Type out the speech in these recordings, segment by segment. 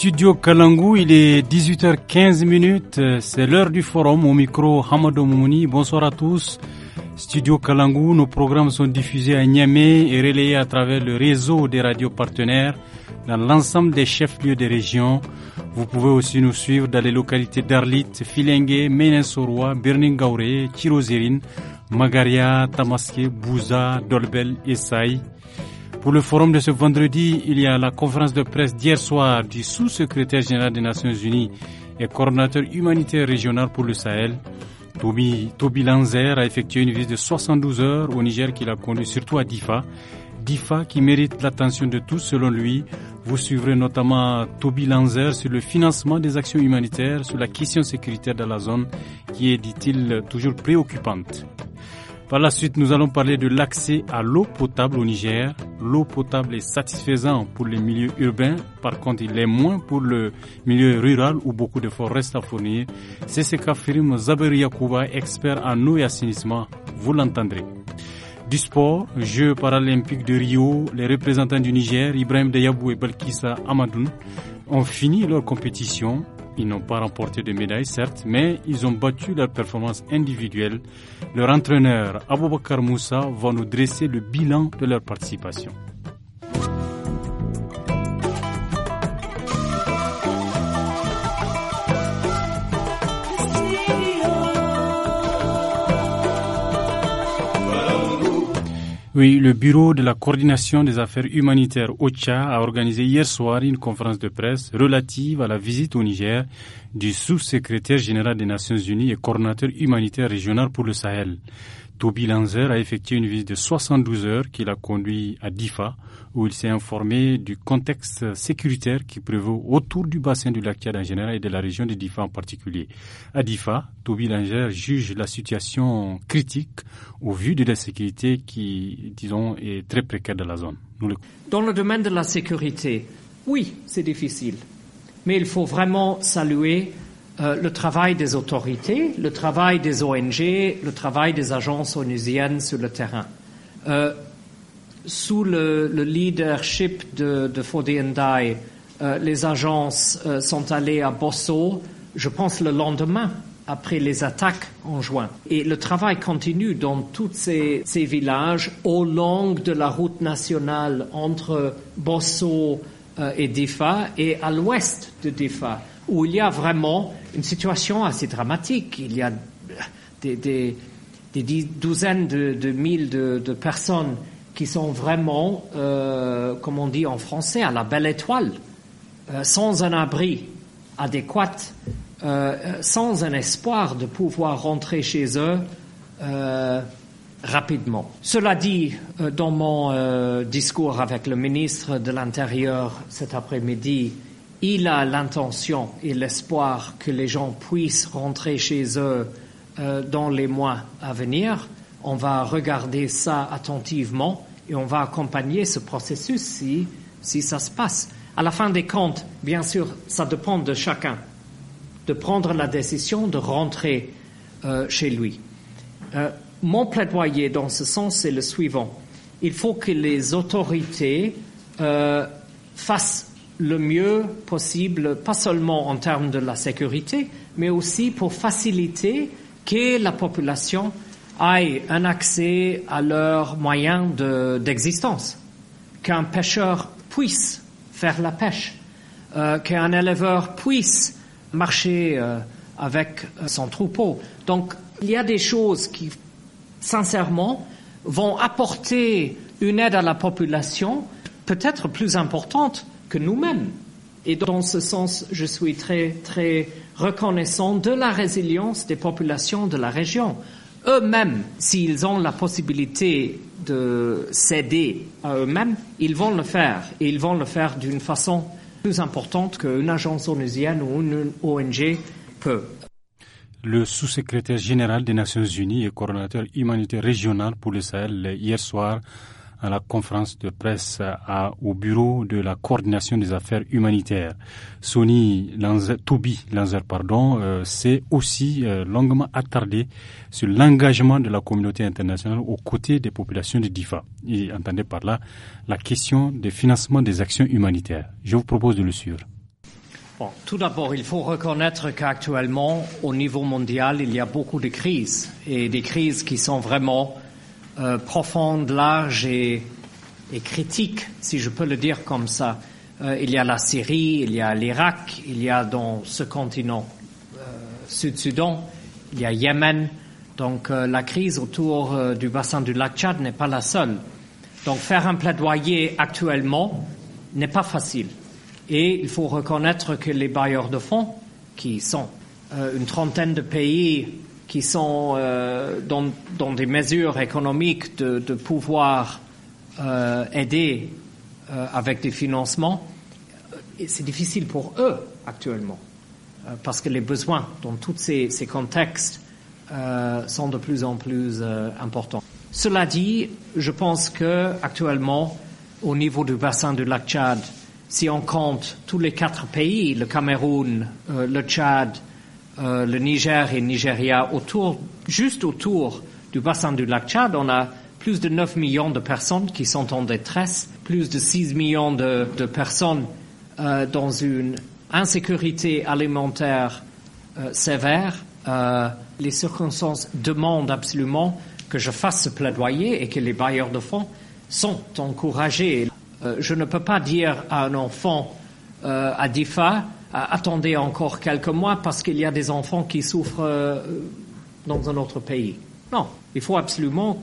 studio Kalangou, il est 18h15, euh, c'est l'heure du forum au micro Hamadou Mouni. Bonsoir à tous. Studio Kalangou, nos programmes sont diffusés à Niamey et relayés à travers le réseau des radios partenaires dans l'ensemble des chefs-lieux des régions. Vous pouvez aussi nous suivre dans les localités d'Arlit, Filengue, Ménensoroa, Birningaure, Tirozirine, Magaria, Tamaské, Bouza, Dolbel et Saï. Pour le forum de ce vendredi, il y a la conférence de presse d'hier soir du sous-secrétaire général des Nations Unies et coordonnateur humanitaire régional pour le Sahel. Toby, Toby Lanzer a effectué une visite de 72 heures au Niger qu'il a conduit surtout à Difa. Difa qui mérite l'attention de tous selon lui. Vous suivrez notamment Toby Lanzer sur le financement des actions humanitaires, sur la question sécuritaire de la zone qui est, dit-il, toujours préoccupante. Par la suite, nous allons parler de l'accès à l'eau potable au Niger. L'eau potable est satisfaisante pour les milieux urbains, par contre, il est moins pour le milieu rural où beaucoup de forêts à fournir. C'est ce qu'affirme Zaber Yakouba, expert en eau et assainissement. Vous l'entendrez. Du sport, Jeux paralympiques de Rio, les représentants du Niger, Ibrahim Deyabou et Balkissa Amadoun, ont fini leur compétition. Ils n'ont pas remporté de médaille, certes, mais ils ont battu leur performance individuelle. Leur entraîneur, Aboubakar Moussa, va nous dresser le bilan de leur participation. Oui, le Bureau de la coordination des affaires humanitaires OCHA a organisé hier soir une conférence de presse relative à la visite au Niger du sous-secrétaire général des Nations Unies et coordinateur humanitaire régional pour le Sahel. Toby Langer a effectué une visite de 72 heures qui l'a conduit à Difa, où il s'est informé du contexte sécuritaire qui prévaut autour du bassin du lac Tchad en général et de la région de Difa en particulier. À Difa, Toby Langer juge la situation critique au vu de la sécurité qui, disons, est très précaire dans la zone. Dans le domaine de la sécurité, oui, c'est difficile. Mais il faut vraiment saluer euh, le travail des autorités, le travail des ONG, le travail des agences onusiennes sur le terrain. Euh, sous le, leadership de, de euh, les agences sont allées à Bosso, je pense le lendemain après les attaques en juin. Et le travail continue dans tous ces, ces, villages au long de la route nationale entre Bosso et Difa et à l'ouest de Difa où il y a vraiment une situation assez dramatique. Il y a des, douzaines de, de mille de, personnes qui sont vraiment, euh, comme on dit en français, à la belle étoile, euh, sans un abri adéquat, euh, sans un espoir de pouvoir rentrer chez eux rapidement. Cela dit, dans mon discours avec le ministre de l'Intérieur cet après-midi, il a l'intention et l'espoir que les gens puissent rentrer chez eux euh, dans les mois à venir. On va regarder ça attentivement et on va accompagner ce processus si, si ça se passe. À la fin des comptes, bien sûr, ça dépend de chacun de prendre la décision de rentrer euh, chez lui. Euh, mon plaidoyer dans ce sens, est le suivant. Il faut que les autorités fassent le mieux possible, pas seulement en termes de la sécurité, mais aussi pour faciliter que la population ait un accès à leurs moyens d'existence, qu'un pêcheur puisse faire la pêche, euh, qu'un éleveur puisse marcher euh, avec euh, son troupeau. Donc, il y a des choses qui, sincèrement, vont apporter une aide à la population peut-être plus importante que nous-mêmes. Et dans ce sens, je suis très, très reconnaissant de la résilience des populations de la région. Eux-mêmes, s'ils ont la possibilité de céder à eux-mêmes, ils vont le faire. Et ils vont le faire d'une façon plus importante qu'une agence onusienne ou une ONG peut. Le sous-secrétaire général des Nations Unies et coordonnateur humanitaire régional pour le Sahel hier soir à la conférence de presse à, au bureau de la coordination des affaires humanitaires. Sony Lanzer, Toby Lanzer, pardon, euh, s'est aussi euh, longuement attardé sur l'engagement de la communauté internationale aux côtés des populations de Difa. Il entendait par là la question des financements des actions humanitaires. Je vous propose de le suivre. Bon, tout d'abord, il faut reconnaître qu'actuellement, au niveau mondial, il y a beaucoup de crises et des crises qui sont vraiment euh, profonde, large et, critique, si je peux le dire comme ça. Euh, il y a la Syrie, il y a l'Irak, il y a dans ce continent euh, sud sudan il y a Yémen. Donc la crise autour du bassin du lac Tchad n'est pas la seule. Donc faire un plaidoyer actuellement n'est pas facile. Et il faut reconnaître que les bailleurs de fonds, qui sont une trentaine de pays qui sont euh, dans, dans, des mesures économiques de, de pouvoir euh, aider euh, avec des financements, euh, c'est difficile pour eux actuellement, euh, parce que les besoins dans tous ces, ces, contextes sont de plus en plus importants. Cela dit, je pense que actuellement, au niveau du bassin du lac Tchad, si on compte tous les quatre pays, le Cameroun, le Tchad, euh, le Niger et Nigeria, autour, juste autour du bassin du lac Tchad, on a plus de 9 millions de personnes qui sont en détresse, plus de 6 millions de, personnes euh, dans une insécurité alimentaire euh, sévère. les circonstances demandent absolument que je fasse ce plaidoyer et que les bailleurs de fonds sont encouragés. je ne peux pas dire à un enfant à Difa, euh, attendez encore quelques mois parce qu'il y a des enfants qui souffrent euh, dans un autre pays. Non, il faut absolument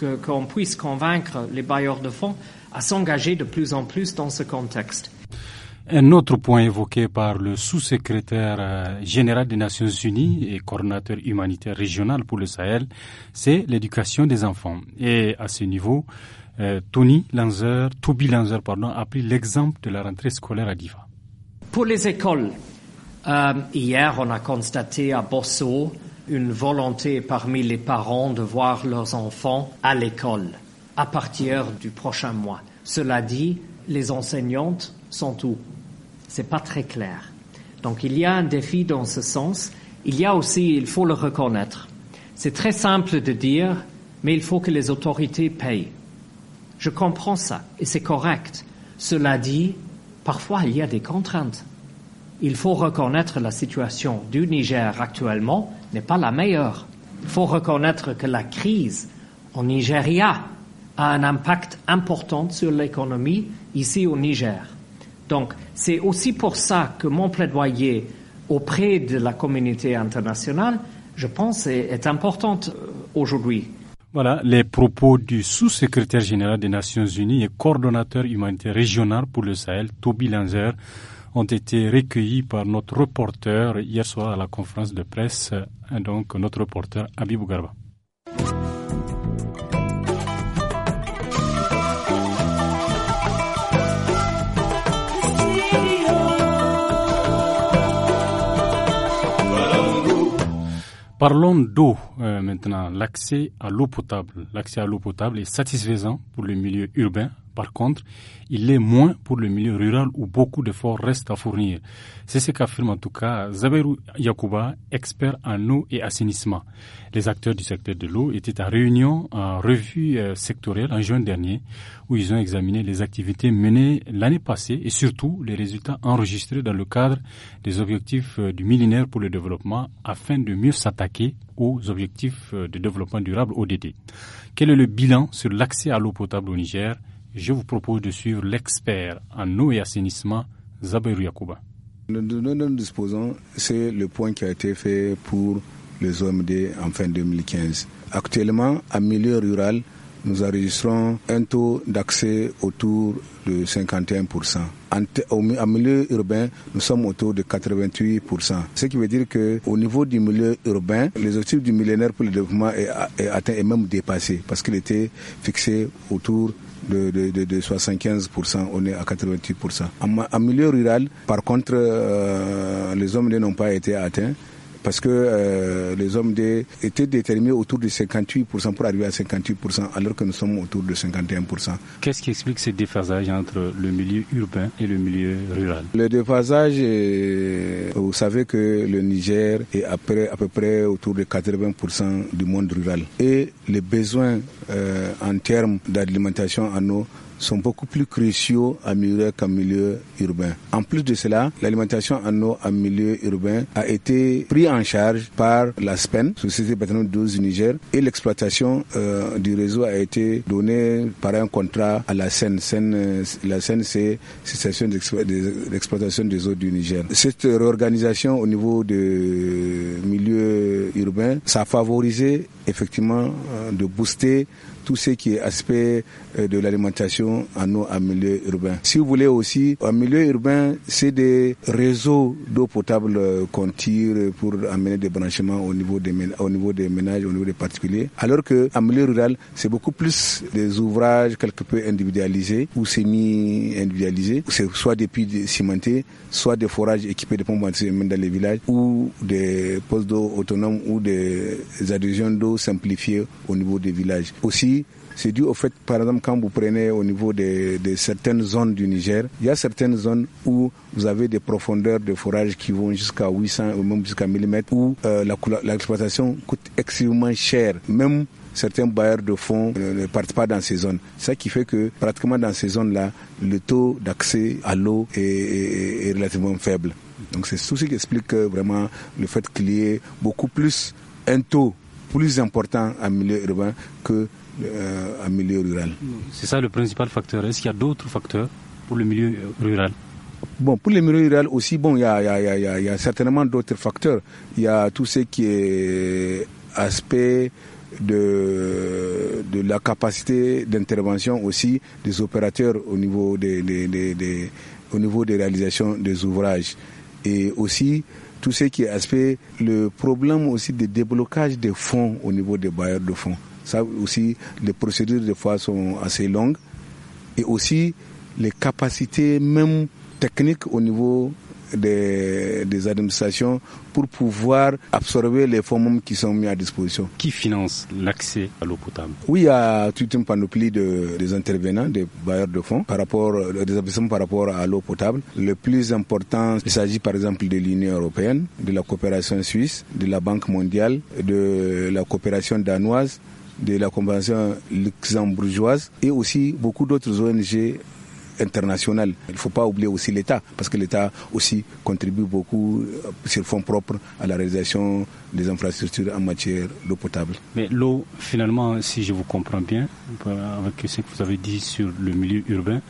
qu'on puisse convaincre les bailleurs de fonds à s'engager de plus en plus dans ce contexte. Un autre point évoqué par le sous-secrétaire euh, général des Nations Unies et coordinateur humanitaire régional pour le Sahel, c'est l'éducation des enfants. Et à ce niveau, Tony Lanzer, Toby Lanzer, pardon, a pris l'exemple de la rentrée scolaire à Diva. Pour les écoles, euh, hier, on a constaté à Bosso une volonté parmi les parents de voir leurs enfants à l'école à partir du prochain mois. Cela dit, les enseignantes sont où C'est pas très clair. Donc il y a un défi dans ce sens. Il y a aussi, il faut le reconnaître. C'est très simple de dire, mais il faut que les autorités payent. Je comprends ça et c'est correct. Cela dit, parfois il y a des contraintes. Il faut reconnaître la situation du Niger actuellement n'est pas la meilleure. Il faut reconnaître que la crise au Nigeria a un impact important sur l'économie ici au Niger. Donc, c'est aussi pour ça que mon plaidoyer auprès de la communauté internationale, je pense, est, est importante euh, aujourd'hui. Voilà les propos du sous-secrétaire général des Nations Unies et coordonnateur humanitaire régional pour le Sahel, Toby Lanzer, ont été recueillis par notre reporter hier soir à la conférence de presse, donc notre reporter Abibou Bougarba. Parlons d'eau euh, maintenant. L'accès à l'eau potable. L'accès à l'eau potable est satisfaisant pour le milieu urbain par contre, il est moins pour le milieu rural où beaucoup d'efforts restent à fournir. C'est ce qu'affirme en tout cas Zaberou Yakuba, expert en eau et assainissement. Les acteurs du secteur de l'eau étaient à réunion en revue euh, sectorielle en juin dernier où ils ont examiné les activités menées l'année passée et surtout les résultats enregistrés dans le cadre des objectifs euh, du millénaire pour le développement afin de mieux s'attaquer aux objectifs euh, de développement durable ODD. Quel est le bilan sur l'accès à l'eau potable au Niger je vous propose de suivre l'expert en eau et assainissement, Zaberou Yakouba. Nous, nous, nous disposons, c'est le point qui a été fait pour les OMD en fin 2015. Actuellement, en milieu rural, nous enregistrons un taux d'accès autour de 51%. En, milieu urbain, nous sommes autour de 88%. Ce qui veut dire que au niveau du milieu urbain, les objectifs du millénaire pour le développement est, atteint et même dépassé parce qu'il était fixé autour de, 75%, on est à 88%. En, milieu rural, par contre, euh, les hommes n'ont pas été atteints parce que euh, les hommes des étaient déterminés autour de 58% pour arriver à 58%, alors que nous sommes autour de 51%. Qu'est-ce qui explique ce déphasage entre le milieu urbain et le milieu rural Le déphasage, euh, vous savez que le Niger est à peu près autour de 80% du monde rural. Et les besoins euh, en termes d'alimentation en eau sont beaucoup plus cruciaux à milieu qu'en milieu urbain. En plus de cela, l'alimentation en eau en milieu urbain a été prise en charge par la SPEN, Société patronne 12 du Niger, et l'exploitation euh, du réseau a été donnée par un contrat à la SEN. E e la SEN, c'est Société d'exploitation des eaux du Niger. Cette réorganisation au niveau du milieu urbain, ça a favorisé effectivement euh, de booster tout ce qui est aspect euh, de l'alimentation en eau en milieu urbain. Si vous voulez aussi, en milieu urbain, c'est des réseaux d'eau potable euh, qu'on tire pour amener des branchements au niveau des, au niveau des ménages, au niveau des particuliers. Alors que en milieu rural, c'est beaucoup plus des ouvrages quelque peu individualisés ou semi-individualisés. C'est soit des puits cimentés, soit des forages équipés de pompes dans les villages ou des postes d'eau autonomes ou des adhésions d'eau simplifiées au niveau des villages. Aussi, c'est dû au fait, par exemple, quand vous prenez au niveau de, certaines zones du Niger, il y a certaines zones où vous avez des profondeurs de forage qui vont jusqu'à 800 ou même jusqu'à 1000 mètres, où euh, l'exploitation coûte extrêmement cher, même certains bailleurs de fonds ne, partent pas dans ces zones. Ça qui fait que pratiquement dans ces zones-là, le taux d'accès à l'eau est, relativement faible. Donc c'est tout ce qui explique euh, vraiment le fait qu'il y ait beaucoup plus un taux plus important en milieu urbain que euh, milieu rural. C'est ça le principal facteur. Est-ce qu'il y a d'autres facteurs pour le milieu euh, rural Bon, pour le milieu rural aussi, bon, il y a, certainement d'autres facteurs. Il y a tout ce qui est aspect de, de la capacité d'intervention aussi des opérateurs au niveau des, des, au niveau des réalisations des ouvrages. Et aussi, tout ce qui est aspect, le problème aussi de déblocage des fonds au niveau des bailleurs de fonds aussi, les procédures des fois sont assez longues. Et aussi, les capacités même techniques au niveau des, administrations pour pouvoir absorber les fonds qui sont mis à disposition. Qui finance l'accès à l'eau potable Oui, il y a toute une panoplie de, des intervenants, des bailleurs de fonds, par rapport, euh, des investissements par rapport à l'eau potable. Le plus important, il s'agit par exemple de l'Union européenne, de la coopération suisse, de la Banque mondiale, de la coopération danoise, de la Convention luxembourgeoise et aussi beaucoup d'autres ONG internationales. Il ne faut pas oublier aussi l'État, parce que l'État aussi contribue beaucoup euh, sur fonds propres à la réalisation des infrastructures en matière d'eau potable. Mais l'eau, finalement, si je vous comprends bien, avec ce que vous avez dit sur le milieu urbain,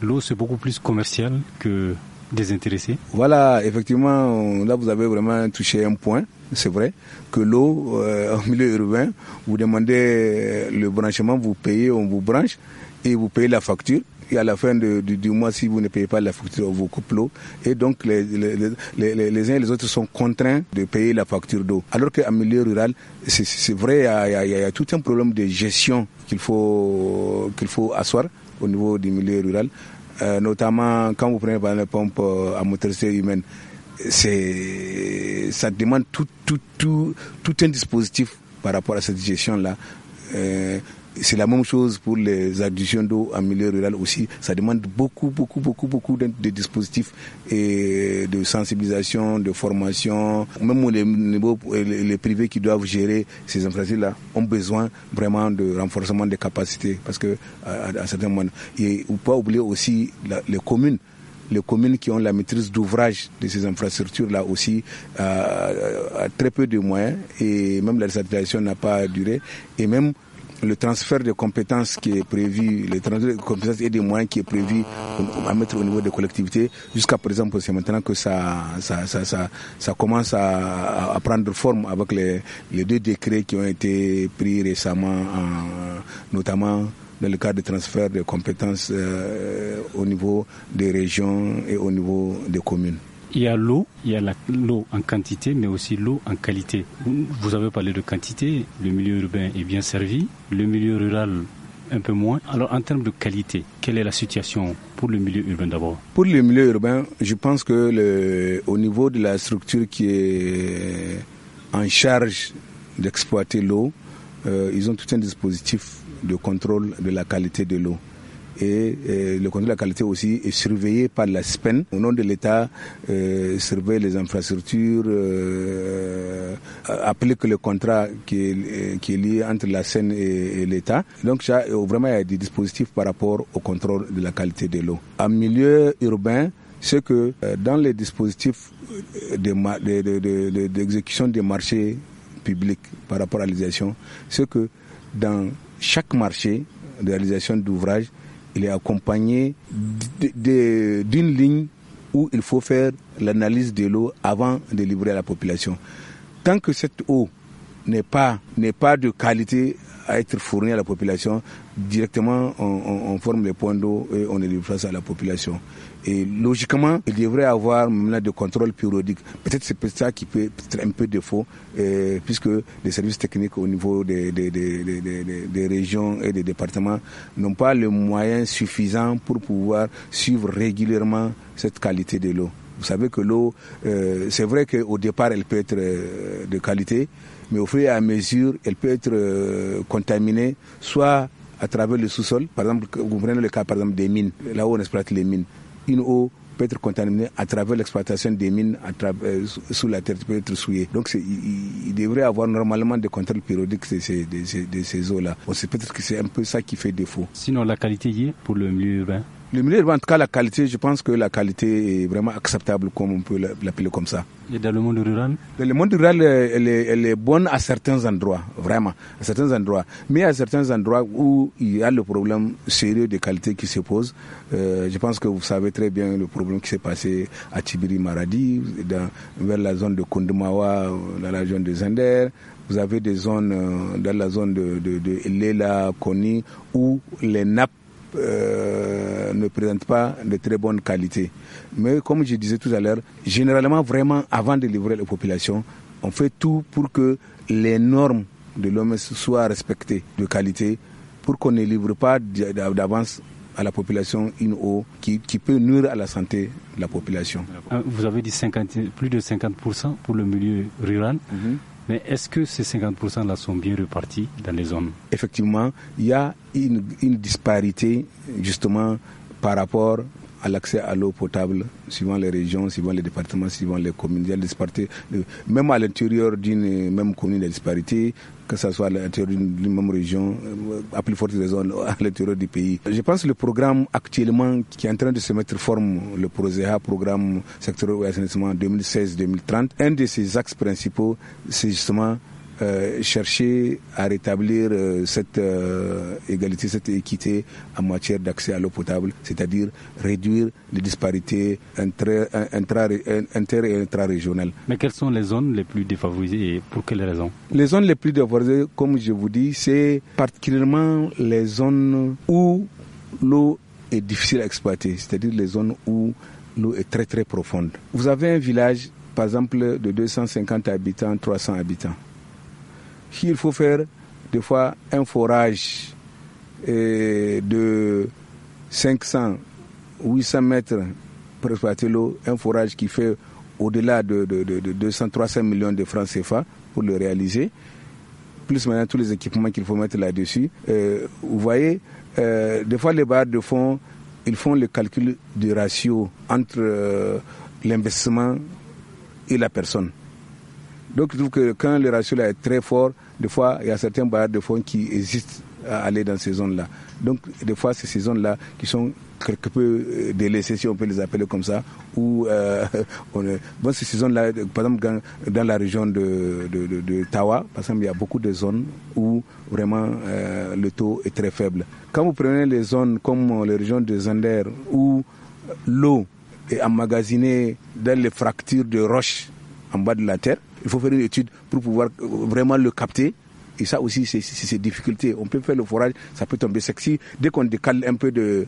l'eau c'est beaucoup plus commercial que désintéressé. Voilà, effectivement, là vous avez vraiment touché un point c'est vrai, que l'eau en euh, milieu urbain, vous demandez euh, le branchement, vous payez, on vous branche et vous payez la facture. Et à la fin du, mois, si vous ne payez pas la facture, on vous coupe l'eau. Et donc, les, uns et les autres sont contraints de payer la facture d'eau. Alors qu'en milieu rural, c'est vrai, il y, a tout un problème de gestion qu'il faut, qu'il faut asseoir au niveau du milieu rural. Euh, notamment quand vous prenez par exemple, la pompe à motricité humaine c'est ça demande tout, tout, tout, tout un dispositif par rapport à cette gestion-là. Euh, c'est la même chose pour les additions d'eau en milieu rural aussi. Ça demande beaucoup, beaucoup, beaucoup, beaucoup de, dispositifs et de sensibilisation, de formation. Même les, les privés qui doivent gérer ces infrastructures-là ont besoin vraiment de renforcement des capacités parce que à, certains moments, et ou pas oublier aussi les communes les communes qui ont la maîtrise d'ouvrage de ces infrastructures-là aussi euh, euh très peu de moyens et même la désactivation n'a pas duré. Et même le transfert de compétences qui est prévu, le transfert de compétences et des moyens qui est prévu à mettre au niveau des collectivités, jusqu'à présent, c'est maintenant que ça, ça, commence à, prendre forme avec les, deux décrets qui ont été pris récemment, notamment dans le cadre de transfert de compétences euh, au niveau des régions et au niveau des communes. Il y a l'eau, il y a l'eau en quantité, mais aussi l'eau en qualité. Vous avez parlé de quantité, le milieu urbain est bien servi, le milieu rural un peu moins. Alors en termes de qualité, quelle est la situation pour le milieu urbain d'abord Pour le milieu urbain, je pense que le, au niveau de la structure qui est en charge d'exploiter l'eau, euh, ils ont tout un dispositif de contrôle de la qualité de l'eau. Et, euh, le contrôle de la qualité aussi est surveillé par la SPEN. Au nom de l'État, euh, surveille les infrastructures, euh, applique le contrat qui est, qui lié entre la SPEN et, l'État. Donc vraiment, il y a des dispositifs par rapport au contrôle de la qualité de l'eau. En milieu urbain, ce que dans les dispositifs d'exécution de, des marchés publics par rapport à l'utilisation, ce que dans chaque marché de réalisation d'ouvrage, il est accompagné d'une ligne où il faut faire l'analyse de l'eau avant de livrer à la population. Tant que cette eau n'est pas, pas de qualité à être fournie à la population, directement on, forme les points d'eau et on les livre face à la population. Et logiquement, il devrait y avoir des de contrôle périodique. Peut-être c'est ça qui peut être un peu défaut, euh, puisque les services techniques au niveau des, régions et des départements n'ont pas le moyen suffisant pour pouvoir suivre régulièrement cette qualité de l'eau. Vous savez que l'eau, euh, c'est vrai qu'au départ, elle peut être euh, de qualité, mais au fur et à mesure, elle peut être contaminée, soit à travers le sous-sol. Par exemple, vous prenez le cas par exemple des mines, là où on exploite les mines une eau peut être contaminée à travers l'exploitation des mines à travers, euh, sous la terre peut être souillée. Donc il, il, devrait avoir normalement des contrôles périodiques de ces, eaux-là. On c'est peut-être que c'est un peu ça qui fait défaut. Sinon, la qualité y est pour le milieu urbain le meilleur, en tout cas la qualité, je pense que la qualité est vraiment acceptable, comme on peut l'appeler comme ça. Et dans le monde rural le monde rural, euh, elle est, bonne à certains endroits, vraiment, à certains endroits. Mais à certains endroits où il y a le problème sérieux de qualité qui se pose, euh, je pense que vous savez très bien le problème qui s'est passé à Tibiri Maradi, dans, vers la zone de Kondumawa, euh, dans la zone de Zender, vous avez des zones dans la zone de, de, de Lela, Koni, où les nappes euh, ne présente pas de très bonne qualité. Mais comme je disais tout à l'heure, généralement, vraiment, avant de livrer la population, on fait tout pour que les normes de l'OMS soient respectées de qualité, pour qu'on ne livre pas d'avance à la population une eau qui, peut nuire à la santé de la population. Euh, vous avez dit 50, plus de 50% pour le milieu rural. Mm-hmm. Mais est-ce que ces 50%-là sont bien repartis dans les zones Effectivement, il y a une, disparité justement par rapport à l'accès à l'eau potable, suivant les régions, suivant les départements, suivant les communes. Il y a des disparités, euh, même à l'intérieur d'une même commune, des disparités que ce soit à l'intérieur d'une même région, euh, à plus forte raison euh, à l'intérieur du pays. Je pense que le programme actuellement qui est en train de se mettre forme, le PROSEA, programme secteur de assainissement 2016-2030, un de ses axes principaux, c'est justement euh, chercher à rétablir euh, cette euh, égalité, cette équité en matière d'accès à l'eau potable, c'est-à-dire réduire les disparités et intra-régionales. Mais quelles sont les zones les plus défavorisées et pour quelles raisons Les zones les plus défavorisées, comme je vous dis, c'est particulièrement les zones où l'eau est difficile à exploiter, c'est-à-dire les zones où l'eau est très très profonde. Vous avez un village, par exemple, de 250 habitants, 300 habitants. Il faut faire des fois un forage euh, de 500, 800 mètres pour exploiter l'eau, un forage qui fait au-delà de, 200, 300 millions de francs CFA pour le réaliser, plus maintenant tous les équipements qu'il faut mettre là-dessus. Euh, vous voyez, euh, des fois les barres de fond, ils font le calcul du ratio entre l'investissement et la personne. Donc je trouve que quand le ratio là est très fort, des fois il y a certains barrages de fonds qui existent à aller dans ces zones-là. Donc des fois c'est ces zones-là qui sont quelque peu euh, délaissées, si on peut les appeler comme ça, où euh, bon, ces zones-là, par exemple dans, la région de, de, Tawa, par exemple, il y a beaucoup de zones où vraiment euh, le taux est très faible. Quand vous prenez les zones comme euh, les régions de Zander, où l'eau est emmagasinée dans les fractures de roches en bas de la terre, il faut faire une étude pour pouvoir euh, vraiment le capter. Et ça aussi, c'est ces difficultés. On peut faire le forage, ça peut tomber sexy. Dès qu'on décale un peu de,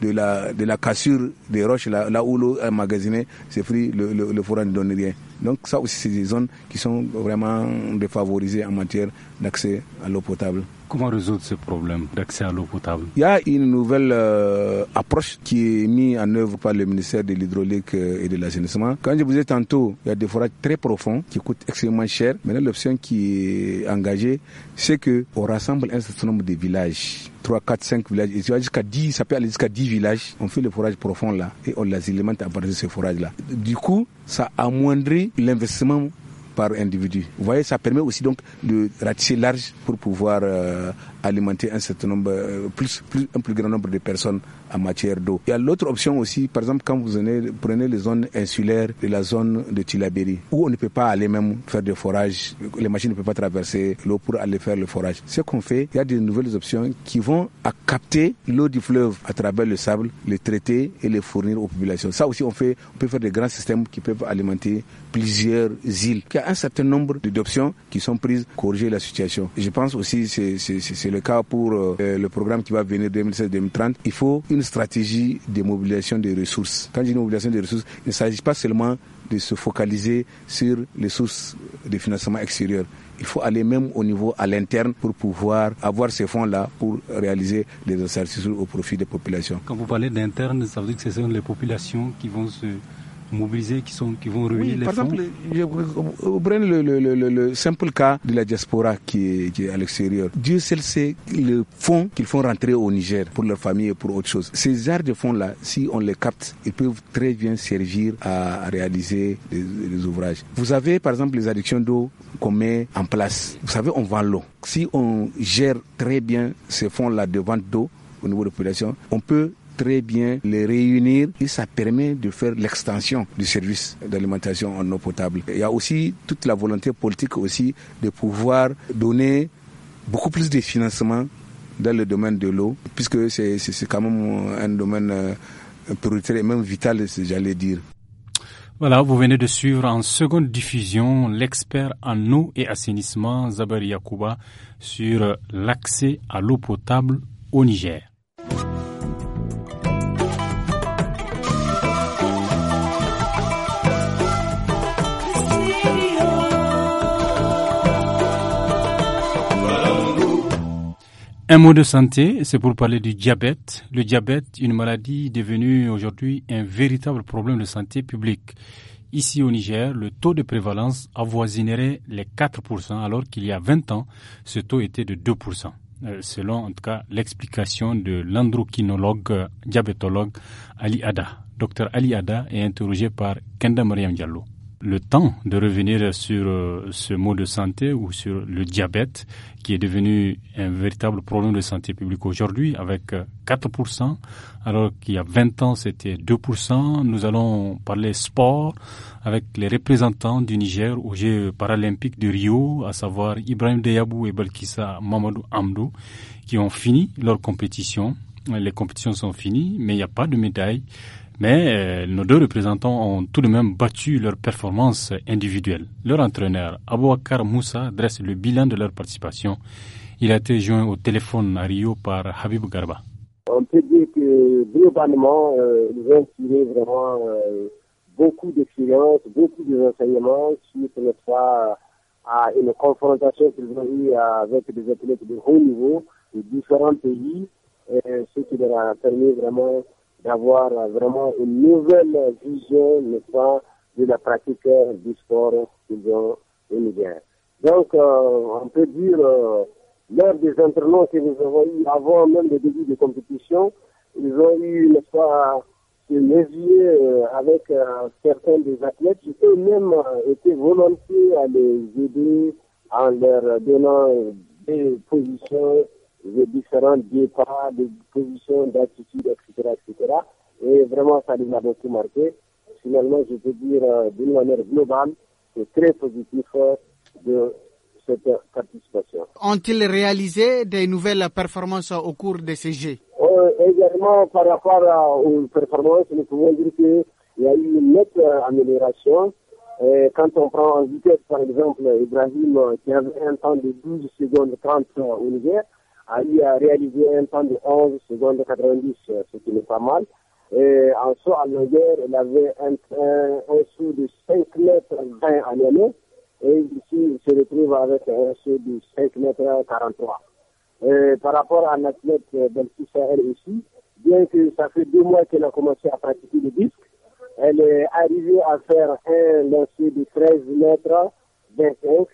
de, la, cassure des roches, là, où l'eau est magasinée, c'est le, forage ne donne rien. Donc ça aussi, c'est des zones qui sont vraiment défavorisées en matière d'accès à l'eau potable. Comment résoudre ce problème d'accès à l'eau potable Il y a une nouvelle euh, approche qui est mise en œuvre par le ministère de l'hydraulique euh, et de l'assainissement. Quand je vous ai tantôt, il y a des forages très profonds qui coûtent extrêmement cher. Maintenant, l'option qui est engagée, c'est que on rassemble un certain nombre de villages 3, 4, 5 villages, jusqu'à 10, ça peut aller jusqu'à 10 villages. On fait le forage profond là et on les à partir de ce forage là. Du coup, ça amoindrit l'investissement par individu. Vous voyez, ça permet aussi donc de ratisser large pour pouvoir euh, alimenter un certain nombre, euh, plus, plus, un plus grand nombre de personnes en matière d'eau. Il y a l'autre option aussi, par exemple, quand vous prenez les zones insulaires de la zone de Tilaberi, où on ne peut pas aller même faire des forages, les machines ne peuvent pas traverser l'eau pour aller faire le forage. Ce qu'on fait, il y a de nouvelles options qui vont à capter l'eau du fleuve à travers le sable, les traiter et les fournir aux populations. Ça aussi, on fait, on peut faire des grands systèmes qui peuvent alimenter plusieurs îles. Il y a un certain nombre d'options qui sont prises pour corriger la situation. Je pense aussi, c'est c'est le cas pour euh, euh, le programme qui va venir 2016-2030. Il faut une stratégie de mobilisation des ressources. Quand je dis mobilisation des ressources, il ne s'agit pas seulement de se focaliser sur les sources de financement extérieur. Il faut aller même au niveau à l'interne pour pouvoir avoir ces fonds-là pour réaliser des exercices au profit des populations. Quand vous parlez d'interne, ça veut dire que ce sont les populations qui vont se mobilisés qui, sont, qui vont revenir oui, les Par exemple, je le, simple cas de la diaspora qui est, à l'extérieur. Dieu seul sait le fonds qu'ils font rentrer au Niger pour leur famille et pour autre chose. Ces arts de fonds-là, si on les capte, ils peuvent très bien servir à réaliser des, des ouvrages. Vous avez par exemple les addictions d'eau qu'on met en place. Vous savez, on vend l'eau. Si on gère très bien ces fonds-là de vente d'eau, au niveau de la population, on peut très bien les réunir et ça permet de faire l'extension du service d'alimentation en eau potable. Il y a aussi toute la volonté politique aussi de pouvoir donner beaucoup plus de financement dans le domaine de l'eau, puisque c'est quand même un domaine euh, prioritaire et même vital, j'allais dire. Voilà, vous venez de suivre en seconde diffusion l'expert en eau et assainissement Zabari Yakouba, sur l'accès à l'eau potable au Niger. Un mot de santé, c'est pour parler du diabète. Le diabète, une maladie devenue aujourd'hui un véritable problème de santé publique. Ici au Niger, le taux de prévalence avoisinerait les 4%, alors qu'il y a 20 ans, ce taux était de 2%, euh, selon en tout cas l'explication de l'endocrinologue diabétologue Ali Ada. Docteur Ali Ada est interrogé par Kenda Mariam Diallo le temps de revenir sur euh, ce mot de santé ou sur le diabète qui est devenu un véritable problème de santé publique aujourd'hui avec 4%, euh, alors qu'il y a 20 ans c'était 2%. Nous allons parler sport avec les représentants du Niger aux Jeux paralympiques de Rio, à savoir Ibrahim Deyabou et Balkissa Mamadou Amdou, qui ont fini leur compétition. Les compétitions sont finies, mais il n'y a pas de médaille. Mais euh, nos deux représentants ont tout de même battu leur performance individuelle. Leur entraîneur, Abouakar Moussa, dresse le bilan de leur participation. Il a été joint au téléphone à Rio par Habib Garba. On peut dire que globalement, euh, ils ont tiré vraiment euh, beaucoup d'expérience, beaucoup d'enseignements suite à une confrontation qu'ils ont eue avec des athlètes de haut niveau de différents pays, ce qui leur a permis vraiment d'avoir vraiment une nouvelle vision, nest pas, de la pratique du sport qu'ils ont Donc, euh, on peut dire, euh, lors des entraînements que nous avons eu avant même le début de compétition, ils ont eu, n'est-ce pas, se levier euh, avec euh, certains des athlètes Ils ont même été volontiers à les aider en leur donnant des positions des différents départs, des positions d'attitude, etc., Et vraiment, ça nous a beaucoup marqué. Finalement, je peux dire euh, d'une manière globale, c'est très positif euh, de cette participation. Ont-ils réalisé des nouvelles performances au cours de ces Jeux euh, Également, par rapport aux performances, nous pouvons dire qu'il y a eu une nette amélioration. quand on prend en vitesse, par exemple, Ibrahim, qui avait un temps de 12 secondes 30 au Niger, a réalisé un temps de 11 secondes 90, euh, ce qui n'est pas mal. Et en saut à longueur, elle avait un, un, saut de 5 mètres 20 à l'année. Et ici, il se retrouve avec un saut de 5 mètres 43. par rapport à l'athlète Belkis euh, elle aussi, bien que ça fait deux mois qu'elle a commencé à pratiquer le disque, elle est arrivée à faire un saut de 13 mètres 25,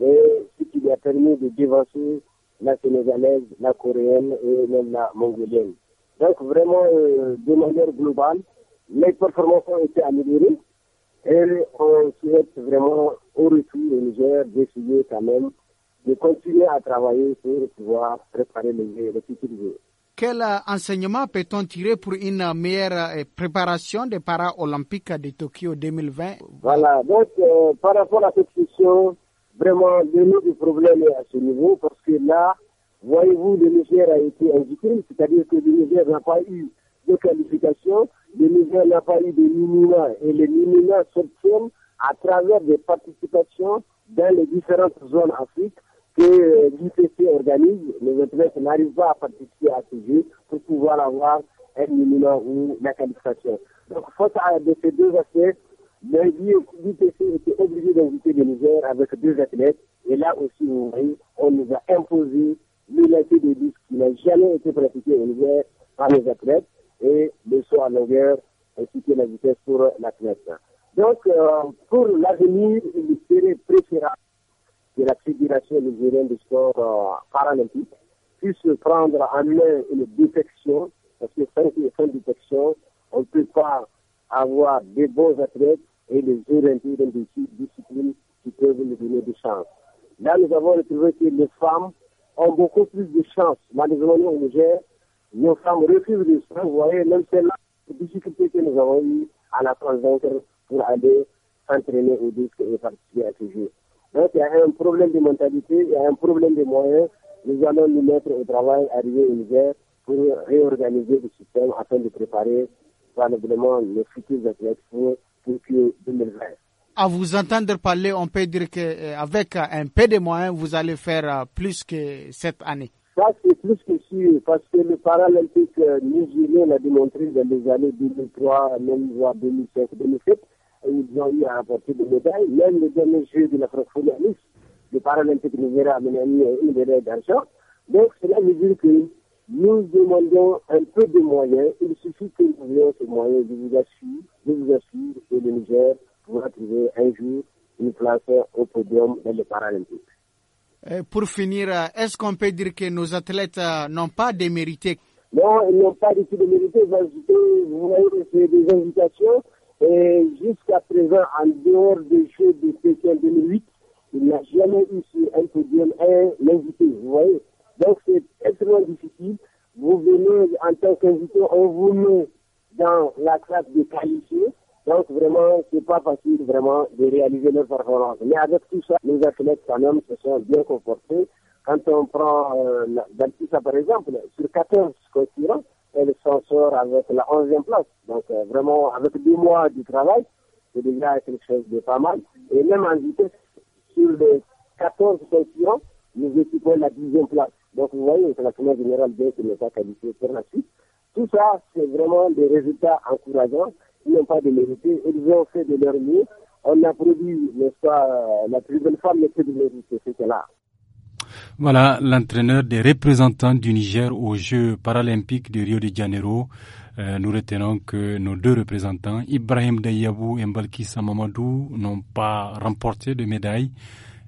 et ce qui lui a permis de dévancer la sénégalaise, la coréenne et même la mongolienne. Donc vraiment, euh, de manière globale, les performances ont été améliorées et on souhaite vraiment au retour au Niger d'essayer quand même de continuer à travailler pour pouvoir préparer les, les futurs Quel enseignement peut-on tirer pour une meilleure euh, préparation des para-olympiques de Tokyo 2020 Voilà, donc euh, par rapport à cette question, Vraiment, le nœud du problème est à ce niveau parce que là, voyez-vous, le Niger a été indiqué, c'est-à-dire que le Niger n'a pas eu de qualification, le Niger n'a pas eu de minima et les minima s'obtiennent à travers des participations dans les différentes zones afriques que euh, l'ICC organise. Les athlètes n'arrivent pas à participer à ce jeu pour pouvoir avoir un minima ou la qualification. Donc, face à ces deux aspects, mais l'UPC était obligé d'inviter des avec deux athlètes. Et là aussi, on nous a imposé l'unité de disque qui n'a jamais été pratiquée en par les athlètes et le saut à longueur ainsi que la vitesse pour l'athlète. Donc, euh, pour l'avenir, il serait préférable que la Fédération nigérienne de sport euh, paralympique puisse prendre en main une détection, parce que sans, sans détection, on ne peut pas avoir des bons athlètes et les orienter dans des disciplines qui peuvent nous donner des chances. Là, nous avons retrouvé que les femmes ont beaucoup plus de chances. Malheureusement, nous, au nos femmes refusent de se Vous voyez, même c'est là les difficultés que nous avons eues à la convaincre pour aller s'entraîner au disque et participer à ce jeu. Donc, il y a un problème de mentalité, il y a un problème de moyens. Nous allons nous mettre au travail, arriver au Niger, pour réorganiser le système afin de préparer probablement les futurs athlètes pour 2020. À vous entendre parler, on peut dire qu'avec euh, un peu de moyens, vous allez faire euh, plus que cette année. Ça, c'est plus que sûr, parce que le Paralympique euh, nigérien l'a démontré dans les années 2003, même 2005, 2007. Ils ont eu à apporter des médailles. Même les derniers Jeux de la francophonie, le Paralympique nigérien a mené une médaille d'argent. Donc, cela veut dire que nous demandons un peu de moyens. Il suffit que nous ayons ces moyens. de vous assurer je vous assure que le Niger pourra trouver un jour une place au podium dans les Paralympiques. pour finir, est-ce qu'on peut dire que nos athlètes euh, n'ont pas démérité Non, ils n'ont pas du tout démérité. Vous voyez, c'est des invitations. Et jusqu'à présent, en dehors des Jeux de spécial 2008, il n'a jamais eu un podium un invité. Vous voyez donc c'est extrêmement difficile. Vous venez en tant qu'invité, on vous met dans la classe de qualifiés. Donc vraiment, c'est pas facile vraiment de réaliser nos performance. Mais avec tout ça, les athlètes quand même se sont bien comportés. Quand on prend euh, la, ça, par exemple, sur 14 concurrents, elle s'en sort avec la 11e place. Donc euh, vraiment, avec deux mois de travail, c'est déjà quelque chose de pas mal. Et même en vitesse, sur les 14 concurrents, nous occupons la 10e place. Donc vous voyez, international général, bien que n'est pas qualifié pour la suite, tout ça, c'est vraiment des résultats encourageants. Ils n'ont pas de mérité. Ils ont fait de leur mieux. On a produit, n'est-ce euh, la plus belle femme, mais plus de mérité, c'était là. Voilà l'entraîneur des représentants du Niger aux Jeux paralympiques de Rio de Janeiro. Euh, nous retenons que nos deux représentants, Ibrahim Dayabou et Mbalkis Samamadou, n'ont pas remporté de médaille.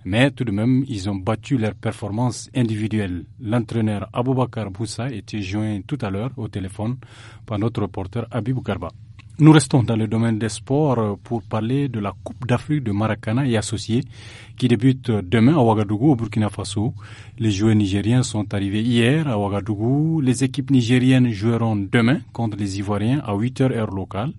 Mais tout de même, ils ont battu leur performance individuelle. L'entraîneur Aboubakar Boussa était joint tout à l'heure au téléphone par notre reporter Abibou Karba. Nous restons dans le domaine des sports pour parler de la Coupe d'Afrique de Maracana et associés qui débute demain à Ouagadougou au Burkina Faso. Les joueurs nigériens sont arrivés hier à Ouagadougou. Les équipes nigériennes joueront demain contre les Ivoiriens à 8h heure locale,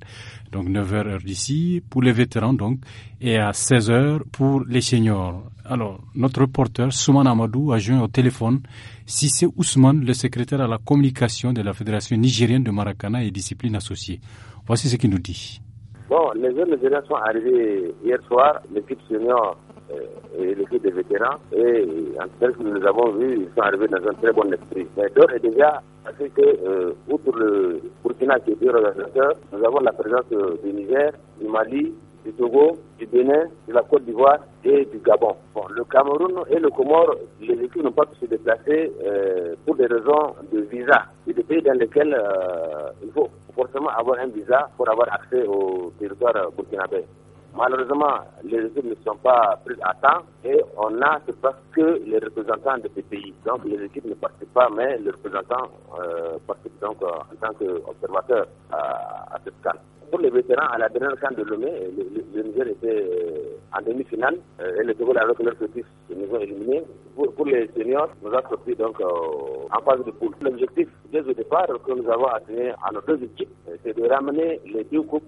donc 9h heure d'ici pour les vétérans donc et à 16h pour les seniors. Alors, notre reporter Souman Amadou a joint au téléphone c'est Ousmane, le secrétaire à la communication de la Fédération nigérienne de Maracana et discipline associée, Voici ce qu'il nous dit. Bon, les jeunes nigériens sont arrivés hier soir, l'équipe senior euh, et l'équipe des vétérans. Et en tout cas, nous avons vu ils sont arrivés dans un très bon esprit. Mais d'ores et déjà, parce que, euh, outre le Burkina qui est organisateur, nous avons la présence euh, du Niger, du Mali, du Togo, du Bénin, de la Côte d'Ivoire et du Gabon. le Cameroun et le Comore, les équipes n'ont pas pu se déplacer euh, pour des raisons de visa. C'est des pays dans lesquels euh, il faut forcément avoir un visa pour avoir accès au territoire burkinabé. Malheureusement, les équipes ne sont pas prises à temps et on a, c'est parce que les représentants de ces pays. Donc les équipes ne participent pas, mais les représentants euh, participent donc en tant qu'observateurs à, à cette pour les vétérans, à la dernière camp de Lomé, euh, le, Niger était euh, en demi-finale euh, et le Togo avec leurs nous ont éliminé. Pour, les seniors, nous avons sorti donc en phase de poule. L'objectif dès le départ que nous avons atteint à nos deux équipes, c'est de ramener les deux coupes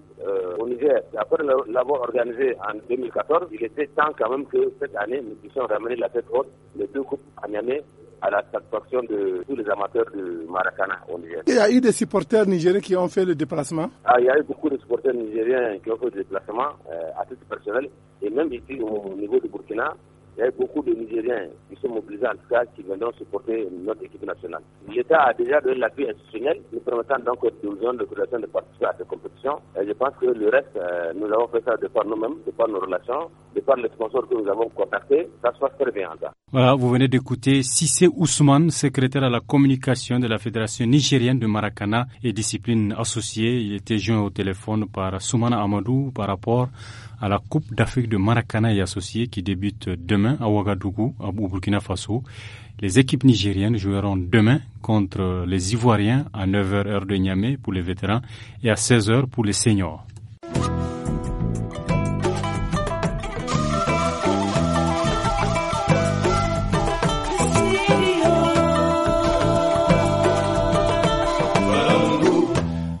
au Niger. Après l'avoir organisé en 2014, il était temps quand même que cette année, nous puissions ramener la tête haute, les deux coupes à Niamey à la satisfaction de tous les amateurs du Maracana au Niger. Il y a eu des supporters nigériens qui ont fait le déplacement ah, Il y a eu beaucoup de supporters nigériens qui ont fait des déplacement euh, à titre personnel et même ici au niveau du Burkina, il y a beaucoup de Nigériens qui sont mobilisés en tout cas, qui viendront supporter notre équipe nationale. L'État a déjà donné l'appui institutionnel, nous permettant donc aux gens de de participer à cette compétition. Et je pense que le reste, euh, nous avons fait ça de par nous-mêmes, de par nos relations, de par les sponsors que nous avons contactés. Ça se passe très bien en Voilà, vous venez d'écouter Sissé Ousmane, secrétaire à la communication de la Fédération nigérienne de Maracana et discipline associée. Il était joint au téléphone par Soumana Amadou par rapport à la Coupe d'Afrique de Maracana et associés qui débute demain à Ouagadougou, au Burkina Faso. Les équipes nigériennes joueront demain contre les Ivoiriens à 9h heure de Niamey pour les vétérans et à 16h pour les seniors.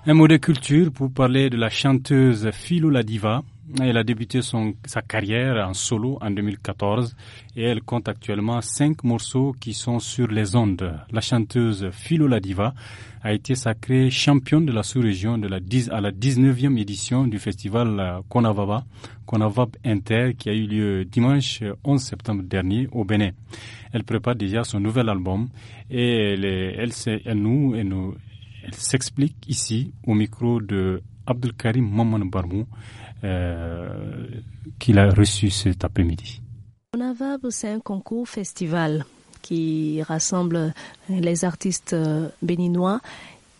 Un mot de culture pour parler de la chanteuse Philo Ladiva. Elle a débuté sa carrière en solo en 2014 et elle compte actuellement cinq morceaux qui sont sur les ondes. La chanteuse Philo Ladiva Diva a été sacrée championne de la sous-région de la 10, à la 19e édition du festival Konavaba, Konavab Inter, qui a eu lieu dimanche 11 septembre dernier au Bénin. Elle prépare déjà son nouvel album et elle, elle s'explique ici au micro de Abdelkarim Maman Barmou, euh, qu'il a reçu cet après-midi. c'est un concours festival qui rassemble les artistes euh, béninois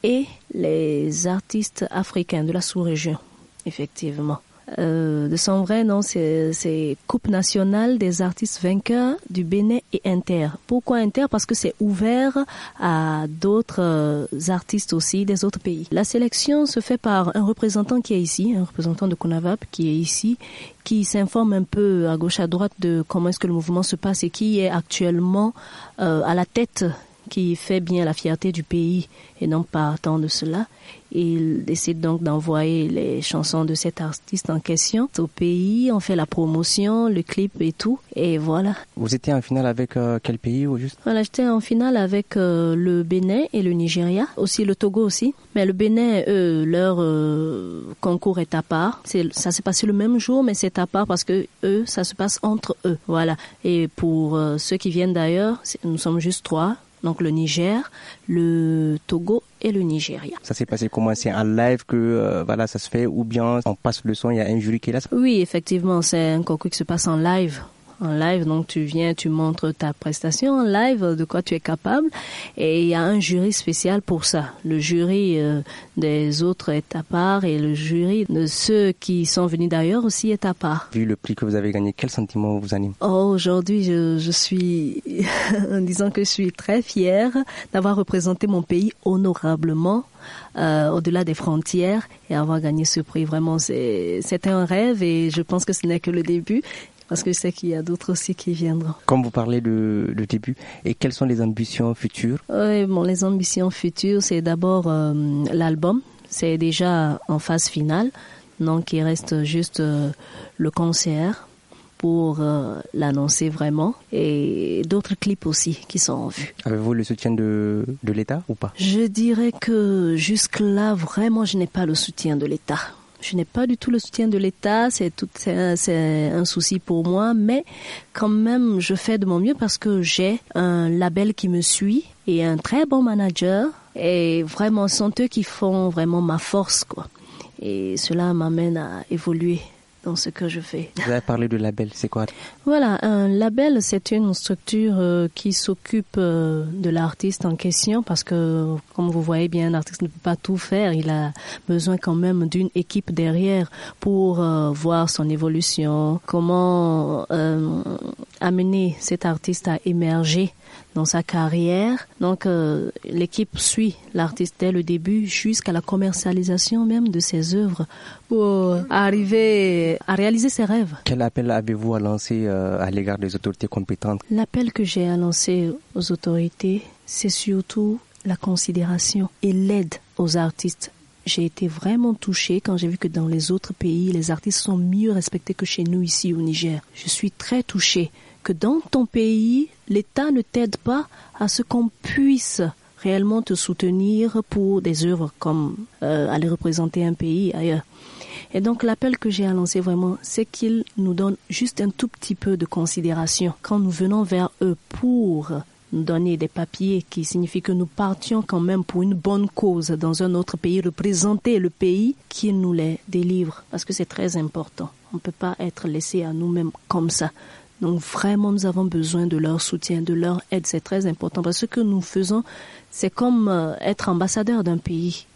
et les artistes africains de la sous-région, effectivement. Euh, de son vrai nom, c'est Coupe nationale des artistes vainqueurs du Bénin et Inter. Pourquoi Inter Parce que c'est ouvert à d'autres euh, artistes aussi des autres pays. La sélection se fait par un représentant qui est ici, un représentant de Conavap qui est ici, qui s'informe un peu à gauche à droite de comment est-ce que le mouvement se passe et qui est actuellement euh, à la tête qui fait bien la fierté du pays et non pas tant de cela. Il décide donc d'envoyer les chansons de cet artiste en question au pays. On fait la promotion, le clip et tout. Et voilà. Vous étiez en finale avec euh, quel pays ou juste Voilà, j'étais en finale avec euh, le Bénin et le Nigeria, aussi le Togo aussi. Mais le Bénin, leur euh, concours est à part. ça s'est passé le même jour, mais c'est à part parce que eux, ça se passe entre eux. Voilà. Et pour ceux qui viennent d'ailleurs, nous sommes juste trois donc le Niger, le Togo et le Nigeria. Ça s'est passé comment C'est en live que euh, voilà ça se fait ou bien on passe le son, il y a un jury qui est là Oui, effectivement, c'est un concours qui se passe en live en live. Donc tu viens, tu montres ta prestation en live, de quoi tu es capable. Et il y a un jury spécial pour ça. Le jury euh, des autres est à part et le jury de ceux qui sont venus d'ailleurs aussi est à part. Vu le prix que vous avez gagné, quel sentiment vous anime oh, Aujourd'hui, je, suis, en disant que je suis très fière d'avoir représenté mon pays honorablement. Euh, au-delà des frontières et avoir gagné ce prix. Vraiment, c'était un rêve et je pense que ce n'est que le début parce que je sais qu'il y a d'autres aussi qui viendront. Comme vous parlez de, de début, et quelles sont les ambitions futures euh, bon, Les ambitions futures, c'est d'abord euh, l'album. C'est déjà en phase finale, donc il reste juste euh, le concert pour l'annoncer vraiment et d'autres clips aussi qui sont en vue. Avez-vous le soutien de, de l'État ou pas Je dirais que jusque-là, vraiment, je n'ai pas le soutien de l'État je n'ai pas du tout le soutien de l'État, c'est tout, c'est un, souci pour moi, mais quand même, je fais de mon mieux parce que j'ai un label qui me suit et un très bon manager et vraiment, sont eux qui font vraiment ma force, quoi. Et cela m'amène à évoluer ce que je fais. Vous avez parlé de label, c'est quoi Voilà, un label, c'est une structure euh, qui s'occupe euh, de l'artiste en question parce que, comme vous voyez bien, l'artiste ne peut pas tout faire. Il a besoin quand même d'une équipe derrière pour euh, voir son évolution, comment amener cet artiste à émerger dans sa carrière. Donc euh, l'équipe suit l'artiste dès le début jusqu'à la commercialisation même de ses œuvres pour arriver à réaliser ses rêves. Quel appel avez-vous à lancer euh, à l'égard des autorités compétentes L'appel que j'ai à lancer aux autorités, c'est surtout la considération et l'aide aux artistes j'ai été vraiment touchée quand j'ai vu que dans les autres pays, les artistes sont mieux respectés que chez nous ici au Niger. Je suis très touchée que dans ton pays, l'État ne t'aide pas à ce qu'on puisse réellement te soutenir pour des œuvres comme euh, aller représenter un pays ailleurs. Et donc l'appel que j'ai à vraiment, c'est qu'ils nous donnent juste un tout petit peu de considération quand nous venons vers eux pour nous donner des papiers qui signifient que nous partions quand même pour une bonne cause dans un autre pays, représenter le pays qui nous les délivre, parce que c'est très important. On ne peut pas être laissé à nous-mêmes comme ça. Donc vraiment, nous avons besoin de leur soutien, de leur aide. C'est très important parce que ce que nous faisons, c'est comme euh, être ambassadeur d'un pays.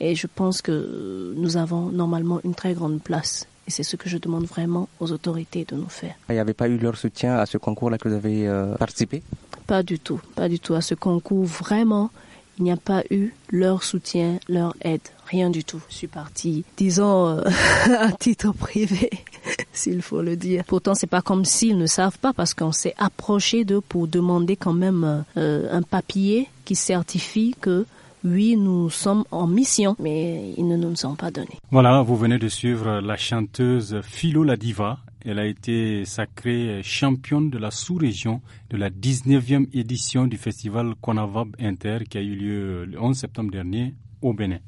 Et je pense que euh, nous avons normalement une très grande place. Et c'est ce que je demande vraiment aux autorités de nous faire. Il n'y avait pas eu leur soutien à ce concours-là que vous avez euh, participé Pas du tout, pas du tout. À ce concours, vraiment, il n'y a pas eu leur soutien, leur aide, rien du tout. Je suis partie, disons, à titre privé. s'il faut le dire. Pourtant, c'est pas comme s'ils ne savent pas parce qu'on s'est approché d'eux pour demander quand même euh, un papier qui certifie que oui, nous sommes en mission, mais ils ne nous ont pas donné. Voilà, vous venez de suivre la chanteuse Philo la Diva. Elle a été sacrée championne de la sous-région de la 19e édition du festival Konavab Inter qui a eu lieu le 11 septembre dernier au Bénin.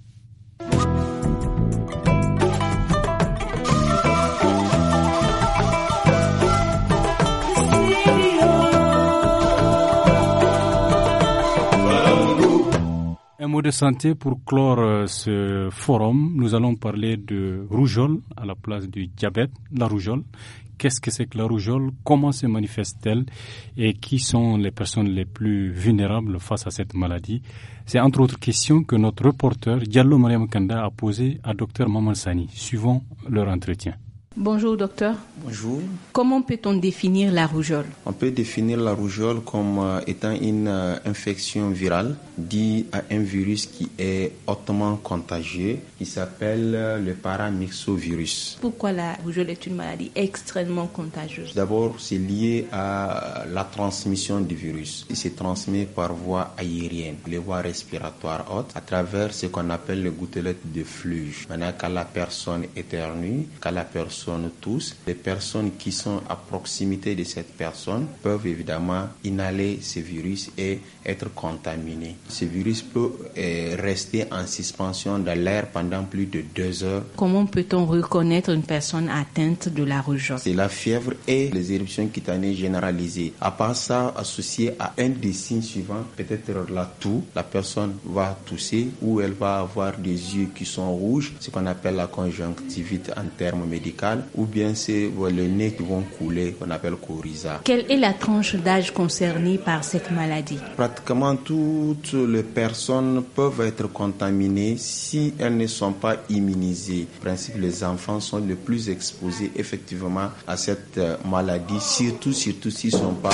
Un mot de santé pour clore euh, ce forum. Nous allons parler de rougeole à la place du diabète, la rougeole. Qu'est-ce que c'est que la rougeole Comment se manifeste-t-elle Et qui sont les personnes les plus vulnérables face à cette maladie C'est entre autres questions que notre reporter Diallo Mariam Kanda a posées à docteur Maman Sani. suivant leur entretien. Bonjour docteur. Bonjour. Comment peut-on définir la rougeole On peut définir la rougeole comme euh, étant une euh, infection virale due à un virus qui est hautement contagieux, qui s'appelle euh, le paramyxovirus. Pourquoi la rougeole est une maladie extrêmement contagieuse D'abord, c'est lié à la transmission du virus. Il se transmet par voie aérienne, les voies respiratoires hautes, à travers ce qu'on appelle les gouttelettes de fluge. Maintenant, quand la personne éternue, quand la personne tous. Les personnes qui sont à proximité de cette personne peuvent évidemment inhaler ce virus et être contaminées. Ce virus peut eh, rester en suspension dans l'air pendant plus de deux heures. Comment peut-on reconnaître une personne atteinte de la rougeole C'est la fièvre et les éruptions cutanées généralisées. À part ça, associé à un des signes suivants, peut-être la toux, la personne va tousser ou elle va avoir des yeux qui sont rouges, ce qu'on appelle la conjonctivite en termes médicaux ou bien c'est le nez qui vont couler, qu'on appelle coryza. Quelle est la tranche d'âge concernée par cette maladie Pratiquement toutes les personnes peuvent être contaminées si elles ne sont pas immunisées. En principe, les enfants sont les plus exposés effectivement à cette euh, maladie, surtout, surtout s'ils ne sont pas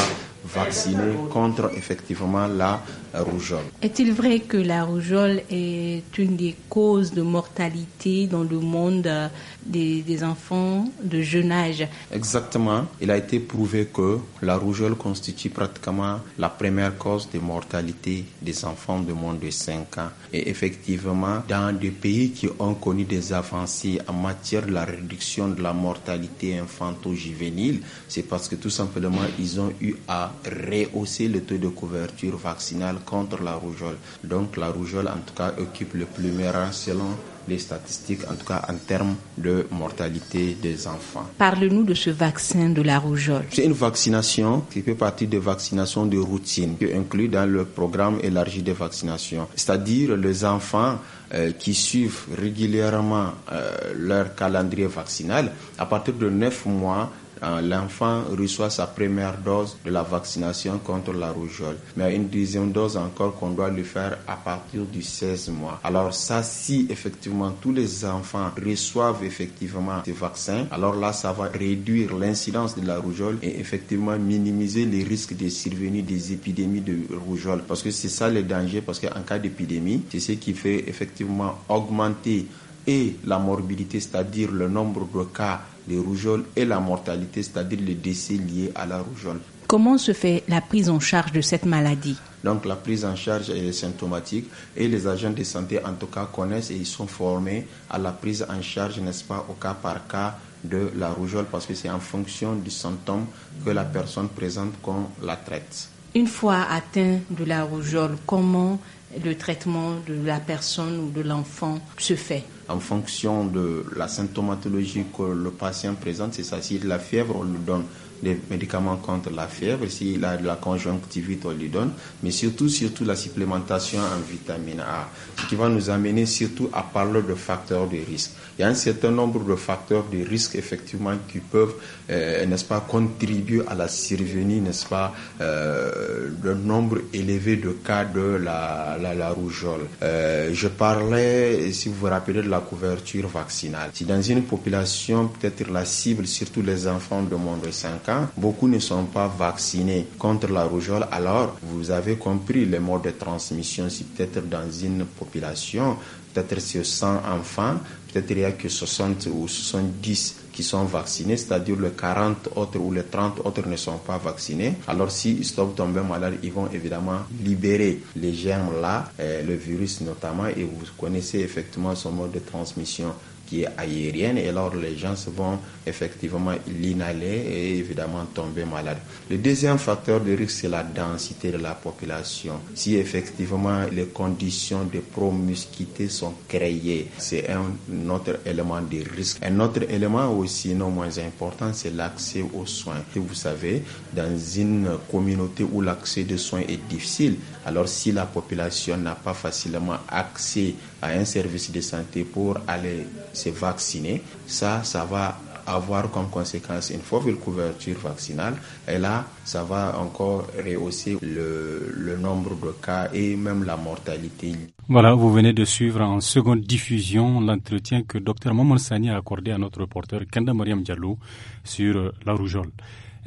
vaccinés contre effectivement la rougeole. Est-il vrai que la rougeole est une des causes de mortalité dans le monde euh, des, des enfants de jeune âge Exactement. Il a été prouvé que la rougeole constitue pratiquement la première cause de mortalité des enfants de moins de 5 ans. Et effectivement, dans des pays qui ont connu des avancées en matière de la réduction de la mortalité infanto-juvénile, c'est parce que tout simplement, ils ont eu à rehausser le taux de couverture vaccinale contre la rougeole. Donc la rougeole, en tout cas, occupe le plus rang selon les statistiques, en tout cas en termes de mortalité des enfants. parlez nous de ce vaccin de la rougeole. C'est une vaccination qui fait partie des vaccinations de routine, qui est inclue dans le programme élargi des vaccinations. C'est-à-dire les enfants euh, qui suivent régulièrement euh, leur calendrier vaccinal, à partir de 9 mois, Hein, l'enfant reçoit sa première dose de la vaccination contre la rougeole. Mais une deuxième dose encore qu'on doit le faire à partir du 16 mois. Alors ça, si effectivement tous les enfants reçoivent effectivement ces vaccins, alors là, ça va réduire l'incidence de la rougeole et effectivement minimiser les risques de survenir des épidémies de rougeole. Parce que c'est ça le danger, parce qu'en cas d'épidémie, c'est ce qui fait effectivement augmenter et la morbidité, c'est-à-dire le nombre de cas de rougeole, et la mortalité, c'est-à-dire les décès liés à la rougeole. Comment se fait la prise en charge de cette maladie donc la prise en charge est symptomatique et les agents de santé en tout cas connaissent et ils sont formés à la prise en charge, n'est-ce pas, au cas par cas de la rougeole parce que c'est en fonction du symptôme que la personne présente qu'on la traite. Une fois atteint de la rougeole, comment le traitement de la personne ou de l'enfant se fait en fonction de la symptomatologie que le patient présente, c'est ça. si la fièvre, on lui donne des médicaments contre la fièvre, s'il a de la conjonctivite, on lui donne, mais surtout, surtout la supplémentation en vitamine A, ce qui va nous amener surtout à parler de facteurs de risque. Il y a un certain nombre de facteurs de risque, effectivement, qui peuvent, euh, n'est-ce pas, contribuer à la survenue, n'est-ce pas, euh, d'un nombre élevé de cas de la, la, rougeole. Euh, je parlais, si vous vous rappelez, de la couverture vaccinale. Si dans une population, peut-être la cible, surtout les enfants de moins de 5 beaucoup ne sont pas vaccinés contre la rougeole, alors vous avez compris le modes de transmission. Si peut-être dans une population, peut-être sur 100 enfants, peut-être il n'y a que 60 ou 70 qui sont vaccinés, c'est-à-dire les 40 autres ou les 30 autres ne sont pas vaccinés. Alors s'ils si ils tomber malades, ils vont évidemment libérer les germes là, euh, le virus notamment, et vous connaissez effectivement son mode de transmission qui est aérienne et alors les gens vont effectivement l'inhaler et évidemment tomber malade. Le deuxième facteur de risque, c'est la densité de la population. Si effectivement les conditions de promiscuité sont créées, c'est un autre élément de risque. Un autre élément aussi non moins important, c'est l'accès aux soins. Et vous savez, dans une communauté où l'accès aux soins est difficile, alors si la population n'a pas facilement accès à un service de santé pour aller se vacciner, ça, ça va avoir comme conséquence une faible couverture vaccinale. Et là, ça va encore rehausser le, nombre de cas et même la mortalité. Voilà, vous venez de suivre en seconde diffusion l'entretien que Dr Mamoun Sani a accordé à notre reporter Kenda Mariam Diallo sur la rougeole.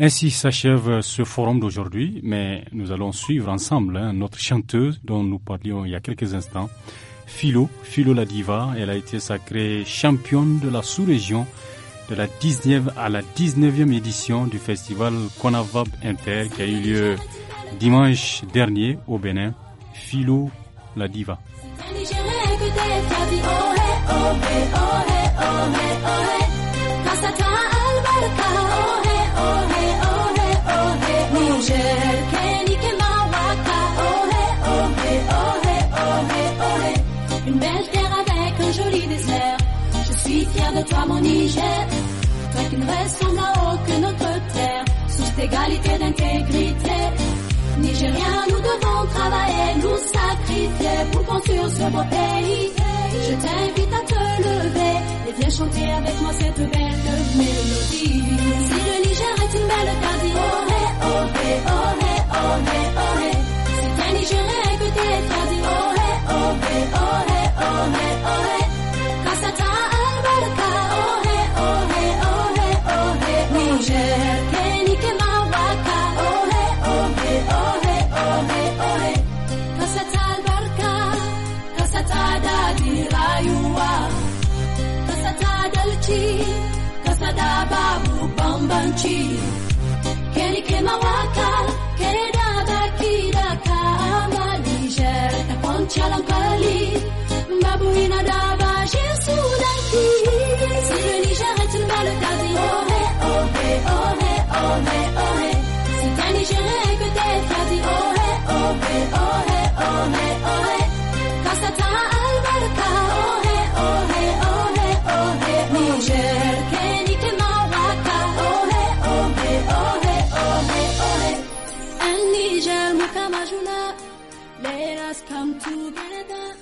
Ainsi s'achève ce forum d'aujourd'hui, mais nous allons suivre ensemble hein, notre chanteuse dont nous parlions il y a quelques instants, Philo, Philo la diva. Elle a été sacrée championne de la sous-région de la 19e à la 19e édition du festival Konavab Inter qui a eu lieu dimanche dernier au Bénin. Philo la diva. fière de toi, mon Niger. Toi qui ne ressemble à aucune autre terre, sous égalité d'intégrité. Nigériens, nous devons travailler, nous sacrifier pour construire ce beau pays. Je t'invite à te lever et viens chanter avec moi cette belle mélodie. Si le Niger est une belle cardine, oh ohé, oh ohé, ohé oh Si t'es Nigérien que t'es écrasé, oh Ohé, ohé, ohé, oh hey, oh babu bambanci keni ke mawaka kena baki daka malisher poncha lankali babu inadaba jesu daki si le niger est une balle d'adi oh hey oh hey oh hey oh hey oh hey si ta niger est que t'es d'adi oh hey oh hey come together.